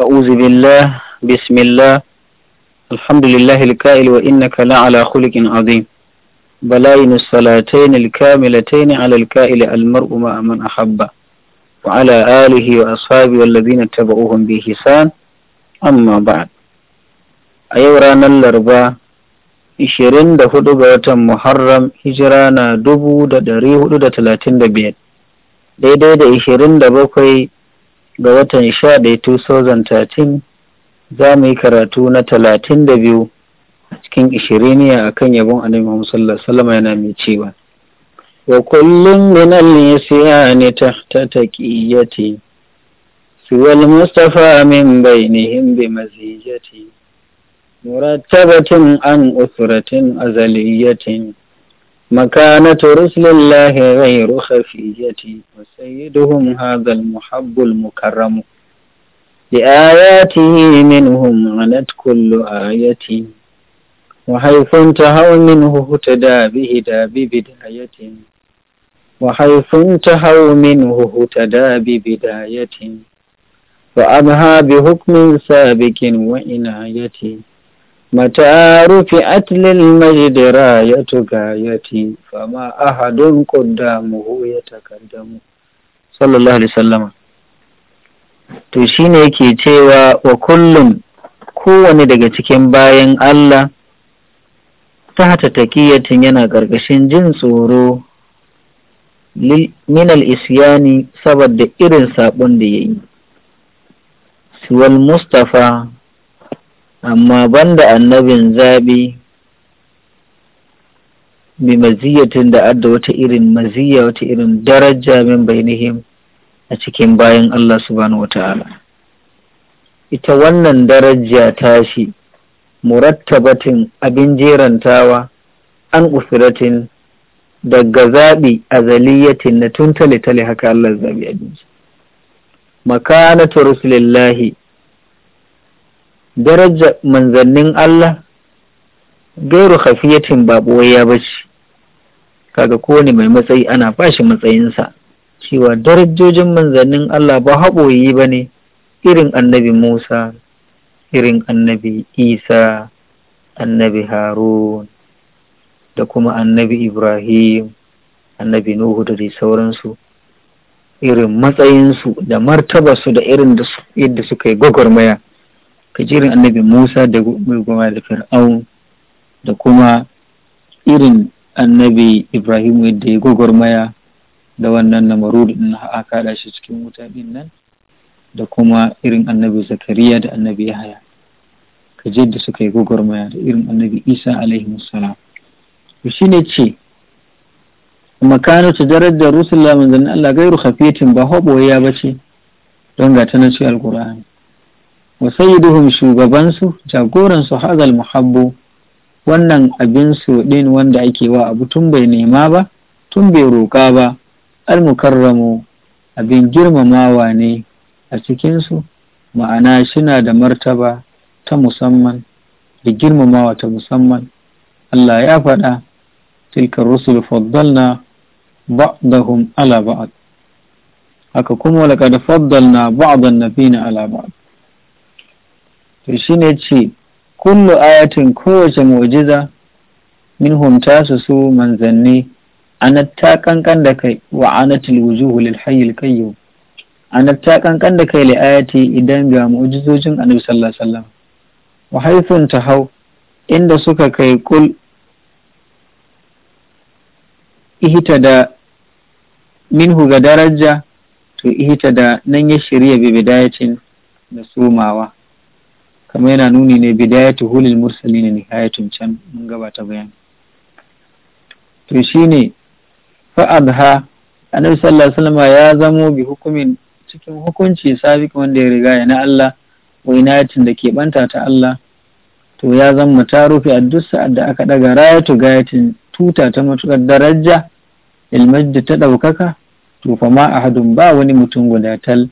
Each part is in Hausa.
أعوذ بالله بسم الله الحمد لله الكائل وإنك لعلى خلق عظيم بلاين الصلاتين الكاملتين على الكائل المرء مع من أحب وعلى آله وأصحابه والذين اتبعوهم بإحسان أما بعد أيورانا الأربعاء 24 ga watan Muharram hijira na 1435 daidai da 27 ga watan sha ɗaya 2013 za mu yi karatu na talatin da biyu a cikin ishiriniya a kan yabon annabi Muhammad Salama yana mai cewa wa kullum min ne ta ta taqiyati siwal mustafa min bainihim bi mazijati murattabatin an usratin azaliyatin مكانة رسل الله غير خفية وسيدهم هذا المحب المكرم لآياته منهم عنت كل آية وحيث انتهوا منه اهتدى بهدى ببداية وحيث انتهوا منه اهتدى ببداية وأبهى بحكم سابق وعناية متى رفعت للمجد راية غايتي فما أحد قدامه يتقدم صلى الله عليه وسلم to shine yake cewa wa kullum kowane daga cikin bayan Allah ta hata takiyatin yana ƙarƙashin jin tsoro minal isyani saboda irin saɓon da ya yi siwal mustapha amma banda annabin zaɓi bi maziyatin da adda wata irin maziya wata irin daraja min bainihim a cikin bayan Allah subhanahu wa ta'ala ita wannan daraja tashi murattabatin abin jerantawa an usratin daga zaɓi a zaliyatin na tun tale-tale haka Allah zaɓi abinci ta rusulillahi darajar manzannin Allah gairu hafiyatin ba ya bace kaga kowane mai matsayi ana bashi matsayinsa cewa darajojin manzannin Allah ba haɓoyi ba ne irin annabi Musa irin annabi Isa annabi Harun da kuma annabi Ibrahim annabi Nuhu da dai sauransu irin matsayinsu da martabarsu da irin yadda suka yi gwagwarmaya ka irin annabi Musa da mai goma da Fir'aun da kuma irin annabi Ibrahim da ya gwagwarmaya da wannan namarud din a kaɗa shi cikin wuta din nan da kuma irin annabi Zakariya da annabi Yahaya ka da yadda suka yi gwagwarmaya da irin annabi Isa alaihi salam to ne ce makanu tajarar da rusula manzannin Allah gairu khafiyatin ba ya bace don ga ta ce shi alqur'ani wa sayyiduhum shugabansu jagoransu hazal muhabbu wannan abin su din wanda ake wa abu tun bai nema ba tun bai roƙa ba almukarramu abin girmamawa ne a cikinsu ma'ana shina da martaba ta musamman da girmamawa ta musamman Allah ya faɗa tilka rusul faddalna ba'dahum ala ba'd haka kuma laqad faddalna ba'dan nabiyina ala ba'd to ne ce kullu ayatin kowace mu'jiza minhum tasu su manzanni anat ta kankan da kai wa anatil wujuhu lil hayyil qayyum anat ta kankan da kai li ayati idan ga mu'jizojin annabi sallallahu alaihi wasallam wa ta hau, inda suka kai kul ihita da minhu ga daraja to ihita da nan ya shirya bibidayacin da sumawa kuma yana nuni ne bidayatu hulil mursali ne nihayatun can mun gabata bayani to shine fa adha annabi sallallahu alaihi ya zamo bi hukumin cikin hukunci sabiq wanda ya riga ya na Allah wa inayatin da ke banta ta Allah to ya zama ta rufe a duk sa'ad da aka daga rayatu gayatin tuta ta matukar daraja da ta ɗaukaka to fa ma ahadun ba wani mutum guda tal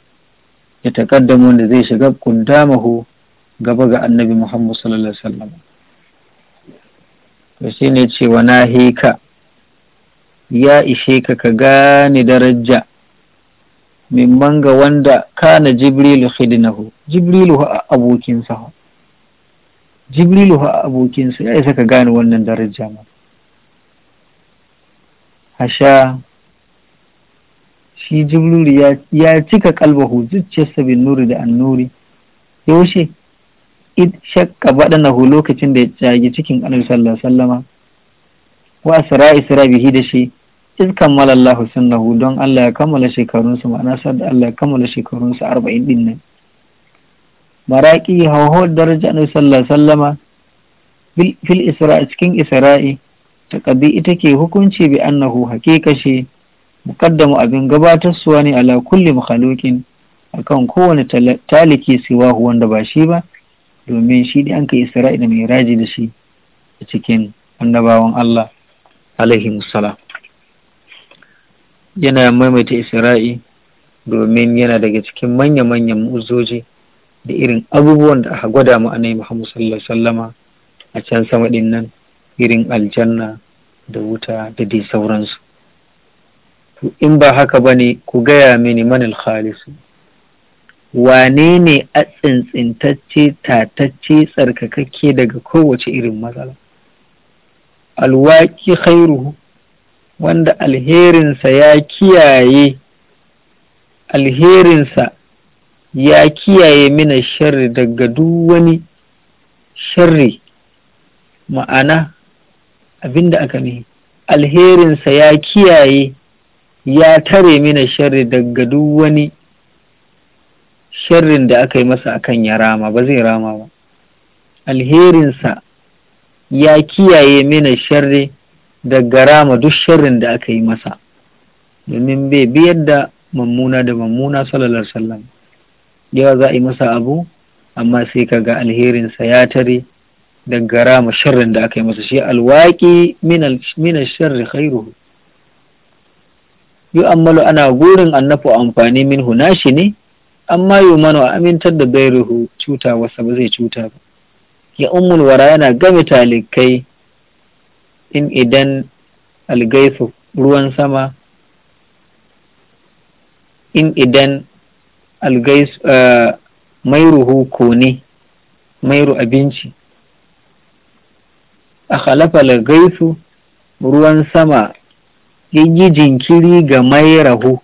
ya taƙaddama wanda zai shiga kuntamahu gaba ga annabi Muhammad sallallahu alaihi wasallam to shi ne cewa na heka ya ishe ka ka gane daraja mimman ga wanda kana jibrilu khidnahu jibrilu ha abokinsa jibrilu ha abokinsa ya isa ka gane wannan daraja ma hasha shi jibrilu ya cika kalbahu zuciyarsa bin nuri da annuri yaushe id shakka badanahu lokacin da ya cagi cikin annabi sallallahu sallama wa asra isra bihi da shi id kammala Allah sunnahu don Allah ya kammala shekarunsu ma'ana sadda Allah ya kammala shekarunsu arba'in din nan maraki hawo daraja annabi sallallahu sallama fil isra'i cikin isra'i taqabi ita ke hukunci bi annahu hakika shi muqaddamu abin gabatar suwa ne ala kulli makhluqin akan kowane taliki siwa wanda ba shi ba domin shi da an ka isra'i da mai raji da shi a cikin annabawan Allah alaihi musala yana maimaita isra'i domin yana daga cikin manya-manyan mu'uzoji da irin abubuwan da aka gwada mu annabi Muhammad sallallahu alaihi wasallama a can sama din nan irin aljanna da wuta da dai sauransu to in ba haka bane ku gaya mini manil khalisu wane ne a tsintsintacce tatacce tsarkakakke daga kowace irin matsala alwaki khairuhu wanda alherinsa ya kiyaye alherinsa ya kiyaye mina sharri daga duk wani sharri ma'ana abinda aka ne alherinsa ya kiyaye ya tare mina sharri daga duk wani sharrin da aka yi masa akan ya rama ba zai rama ba alherinsa ya kiyaye mina sharri daga rama duk sharrin da aka yi masa domin bai biyar da mammuna da mammuna sallallahu sallam yawa za a yi masa abu amma sai kaga alherinsa ya tare daga rama sharrin da aka yi masa shi alwaƙi mina sharri khairuhu yu'ammalu ana gurin annafu amfani minhu nashi ne An amma mana a amintar da ruhu cuta wasa ba zai cuta ba ya umul wara yana game talikai in idan algaisu ruwan sama in idan algaisu eh, kone abinci a halafa algaisu ruwan sama yayi yi jinkiri ga mairahu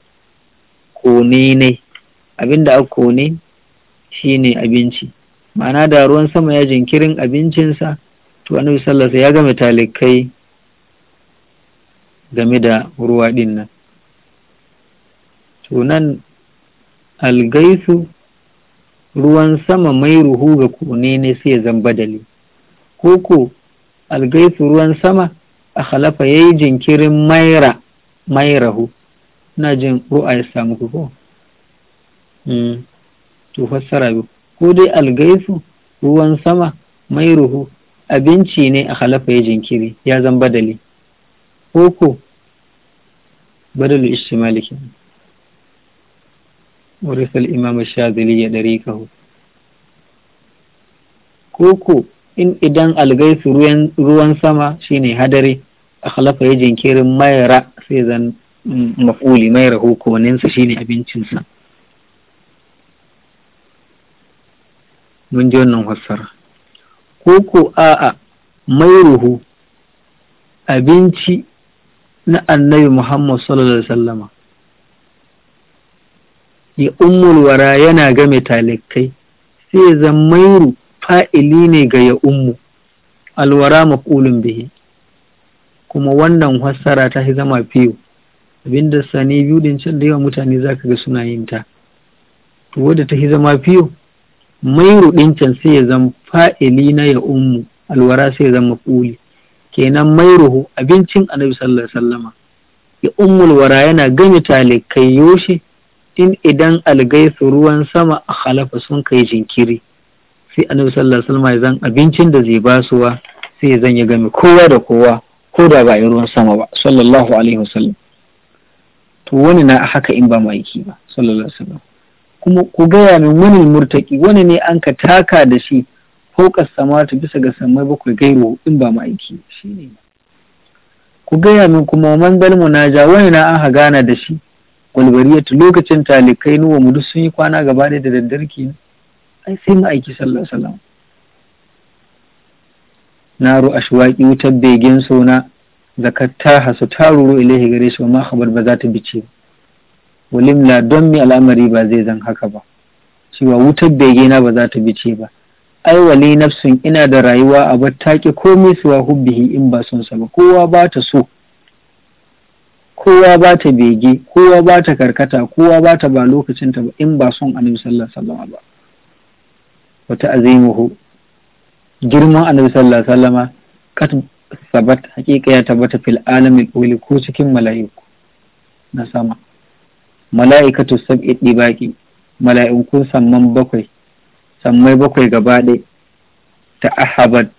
kone ne abin da aka ne shine abinci ma'ana da ruwan sama ya jinkirin abincinsa to annabi sallallahu ya ga talikai game da ruwa din nan tunan algaisu ruwan sama mai ruhu ga kone ne sai zan badali koko algaisu ruwan sama a halafa ya yi jinkirin maira mairahu na jin ruwa ya samu ko Mm. to fassara biyu ko dai algaisu ruwan sama mai ruhu abinci ne a halafa ya jinkiri ya zan badali ko ko badalu ishtimali ke imam shazili ya dari kahu ko ko in idan algaisu ruwan sama shine hadari a halafa ya jinkirin mayara sai zan mm, mafuli mayara hukuninsa shine abincinsa mun ji wannan fassara ko ko a'a ruhu. abinci na annabi Muhammad sallallahu alaihi wasallama ya ummul wara yana game talikai sai zan mairu fa'ili ne ga ya ummu alwara maƙulun bihi kuma wannan fassara ta fi zama fiyo abinda sani biyu din can da yawa mutane zaka ga suna yin ta to wadda ta fi zama fiyo mairu ɗin can sai ya zama fa'ili na ya ummu alwara sai ya zama ƙuli kenan ruhu abincin annabi sallallahu alaihi wasallama ya ummul wara yana gami talikai yoshi in idan algaisu ruwan sama a halafa sun kai jinkiri sai annabi sallallahu alaihi ya zan abincin da zai basuwa sai zan ya gami. kowa da kowa ko da ba ruwan sama ba sallallahu alaihi wasallam to wani na haka in ba ma'aiki ba sallallahu alaihi wasallam kuma ku gaya min wani murtaki wani ne an ka taka da shi fauƙar ta bisa ga samai bakwai gairo in ba ma'aiki shi ne ku gaya min kuma man na ja wani na an hagana da shi walbariyatu lokacin talikai nuwa mu duk sun yi kwana gaba da daddarki kenan ai sai ma'aiki sallallahu alaihi wasallam naru ashwaqi wutar begen sona zakatta hasu taruru ilaihi gare shi ma khabar ba za ta bice ba walimla don mi al'amari ba zai zan haka ba cewa wutar begena ba za ta bice ba ai wali nafsun ina da rayuwa a bar take komai suwa hubbihi in ba son sa ba kowa ba ta so kowa ba ta bege kowa ba ta karkata kowa ba ta ba lokacinta ba in ba son annabi sallallahu alaihi wasallam ba wata azimuhu girman annabi sallallahu alaihi wasallam kat sabat hakika ya tabbata fil alamin ko cikin mala'iku na sama mala'ikatu sab'i baƙi mala'ikun samman bakwai sammai bakwai gaba ta ahabat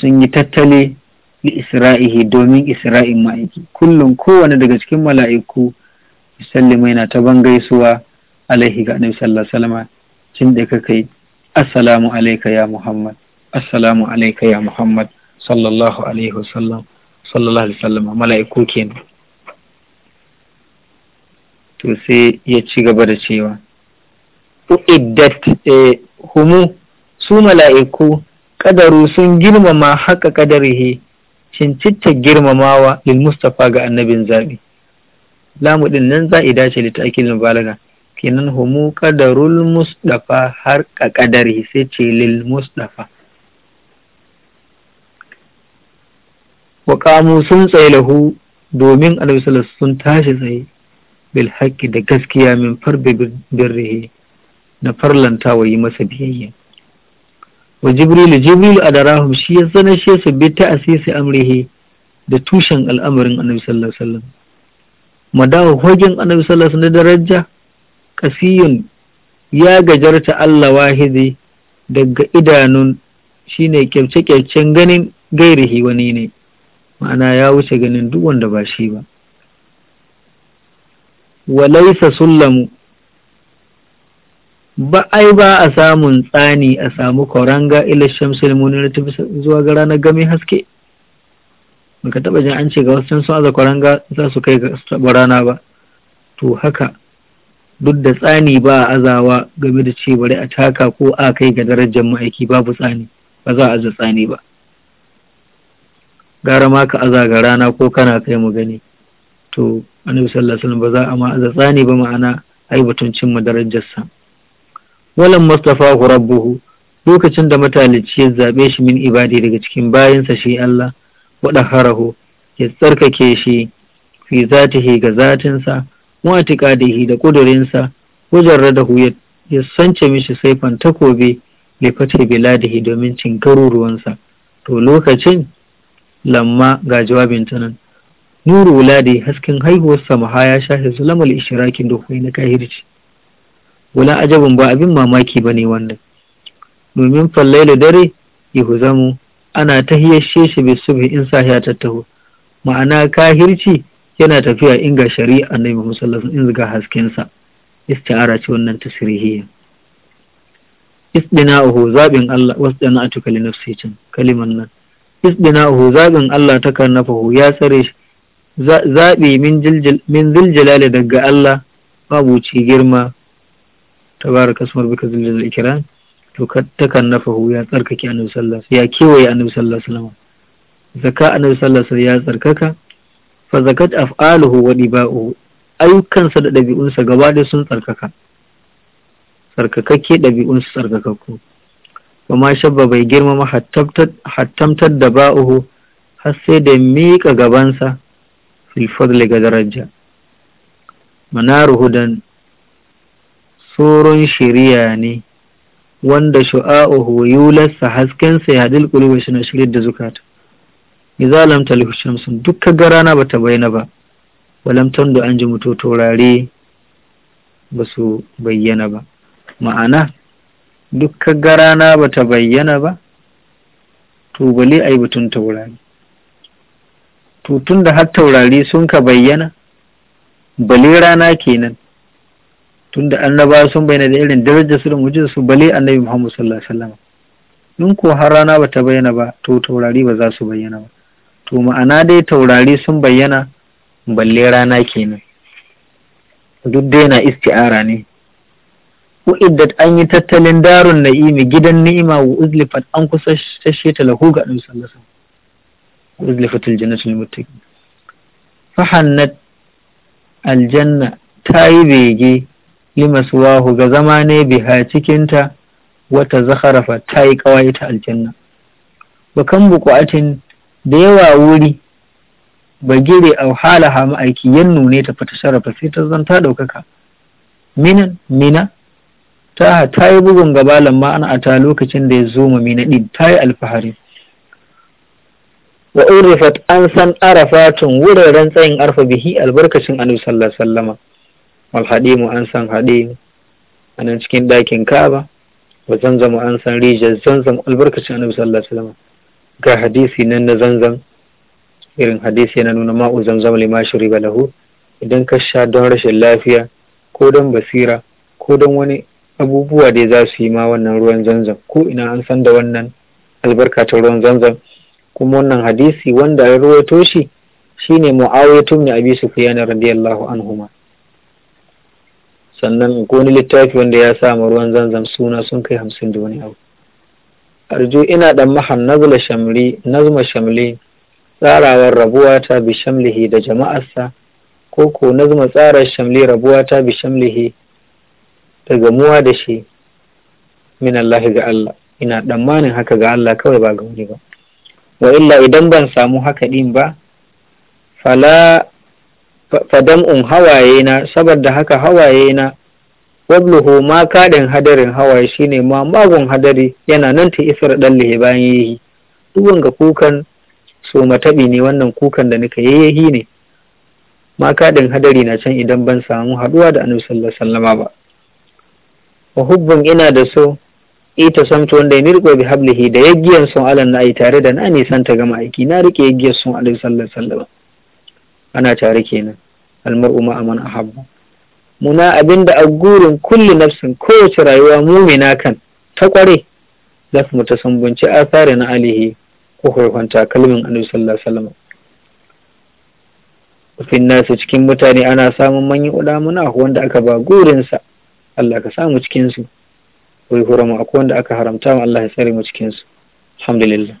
sun yi tattale li isra'ihi domin isra'in ma'aiki kullum kowane daga cikin mala'iku sallama yana ta ban gaisuwa alaihi ga annabi sallallahu alaihi wasallam cin da ka kai assalamu alayka ya muhammad assalamu alayka ya muhammad sallallahu alaihi wasallam sallallahu alaihi wasallam mala'iku kenan to sai ya ci gaba da cewa iddat eh, humu su mala'iku kadaru sun girmama haka kadarihi cincicce girmamawa lil mustafa ga annabin zabi lamu ɗin nan za i dace litakil balaga. kenan humu kadarul mustafa har ka kadari sai ce lil mustafa wa kamu sun tsaye lahu domin alaihi sun tashi tsaye bil haƙƙi da gaskiya min farbe birrihi na farlanta wa yi masa biyayya wa jibrilu jibrilu adarahum shi ya sanar shi su bi ta asisi amrihi da tushen al'amarin annabi sallallahu alaihi wasallam madawa hogin annabi sallallahu alaihi wasallam daraja kasiyun ya gajarta Allah wahidi daga idanun shine kyamce kyaucen ganin gairihi wani ne ma'ana ya wuce ganin duk wanda ba shi ba wa laisa sullamu ba ai ba a samun tsani a samu koranga ila shamsul tafi zuwa ga ranar gami haske baka taba jin an ce ga wasu sun aza kwaranga za su kai ga rana ba to haka duk da tsani ba a azawa game da ce bari a taka ko a kai ga darajar ma'aiki babu tsani ba za a aza tsani ba gara ma ka aza ga rana ko kana kai mu gani to annabi sallallahu alaihi wasallam ba za a ma tsani ba ma'ana ai batun cimma darajarsa walan hu rabbuhu lokacin da matalici ya zabe shi min ibadi daga cikin bayansa shi Allah wa haraho, ya tsarkake shi fi zatihi ga zatinsa wa tiqadihi da sa wajarradahu ya ya sance mishi saifan takobi lifati biladihi domin cin sa to lokacin lamma ga jawabin ta nan nuru wulade hasken haihuwar samaha ya shafe zulamal ishirakin da kuma na kahirci wala ajabin ba abin mamaki ba ne wannan domin fallai da dare zamu ana ta hiyashe shi bai subhi in sahiya tattaho ma'ana kahirci yana tafiya in ga shari'a annabi musallallahu in ga haskensa isti'ara ce wannan tasrihiyya isbina'uhu zabin Allah wasdana atuka li nafsi can kaliman nan isbina'uhu zabin Allah ta karnafahu ya tsare shi zaɓe min ziljalali daga Allah mabuci girma Ta tabaraka kasuwar bika ziljalal ikram to takan nafahu ya tsarkake annabi sallallahu ya kewaye annabi sallallahu alaihi wasallam zaka annabi sallallahu alaihi ya tsarkaka fa zakat af'aluhu wa diba'uhu ayyukansa da ɗabi'unsa gaba ɗaya sun tsarkaka tsarkakakke ɗabi'unsa tsarkakakku ma shabba bai girmama hattamtar da ba'uhu har sai da miƙa gabansa fil fadli ga daraja manaru hudan tsoron shiriya ne wanda shu'a'uhu hasken haskensa ya hadil kulubu shi na shirya da zukata idza lam talihu shamsun dukka bata bayyana ba walam tando an ji mutu taurare ba su bayyana ba ma'ana gara na ba bata bayyana ba to bale ai batun taurari to tun da har taurari sun ka bayyana bale rana kenan tun da annaba sun bayyana da irin darajar su da mu'jizar su bale annabi Muhammad sallallahu alaihi wasallam in ko har rana ba ta bayyana ba to taurari ba za su bayyana ba to ma'ana dai taurari sun bayyana balle rana kenan duk dai na isti'ara ne iddat an yi tattalin darun na'imi gidan ni'ima wa uzlifat an kusa tashe ta lahu ga annabi sallallahu alaihi wasallam وأزلفت الجنة للمتقين فحنت الجنة تاي بيجي لمسواه غزماني بها تكنتا وتزخرف تاي قوايت الجنة وكم yawa ديوا ولي bagire au halaha ma'aiki yan nune ta fata sharafa, sai ta zanta ɗaukaka minan mina ta ta yi bugun gaba lamma ana ata lokacin da ya zo ma mina ɗin ta yi alfahari wa urifat an san arafatun wuraren tsayin arfa bihi albarkacin annabi sallallahu alaihi wasallama wal hadimu an san haɗe a cikin ɗakin kaba wa zanzamu an san rijiyar zanzam albarkacin annabi sallallahu alaihi wasallama ga hadisi nan na zanzam irin hadisi yana nuna ma'u zanzam lima Balahu, lahu idan ka sha don rashin lafiya ko don basira ko don wani abubuwa da za su yi ma wannan ruwan zanzam ko ina an san da wannan albarka ruwan zanzam kuma wannan hadisi wanda ya ruwaito shi shine mu'awiyatu ibn abi sufyan radiyallahu anhuma sannan ko ni littafi wanda ya samu ruwan zanzam suna sun kai hamsin da wani abu arju ina dan mahan nazla shamli nazma shamli tsarawar rabuwa ta bi shamlihi da jama'arsa ko ko nazma tsarar shamli rabuwa ta bi shamlihi da gamuwa da shi min Allah ga Allah ina tsammanin haka ga Allah kawai ba ga wani ba wa illa idan ban samu haka din ba fala un hawaye na saboda haka hawaye na wabluhu ma kaɗin hadarin hawaye shine ma magun hadari yana nan ta isar ɗalle bayan yayi duk ga kukan so mataɓi ne wannan kukan da nika yayi ne ma kaɗin hadari na can idan ban samu haduwa da annabi sallallahu alaihi wasallama ba wa hubbun ina da so ita samtu wanda ya mirko bi hablihi da yaggiyan sun alan na ai tare da na nisan ta gama aiki na rike yagiyar sun alan sallar sallar ana tare kenan almar umar aman ahabba muna abinda a gurin kulli nafsin kowace rayuwa mumina kan ta kware za san ta a tsari na alihi ko kwaikwanta kalmin annabi sallar sallar wasallam nasu cikin mutane ana samun manyan ulamuna wanda aka ba gurinsa Allah ka samu cikinsu hura mu akwai wanda aka haramta mu Allah ya tsare mu cikin su alhamdulillah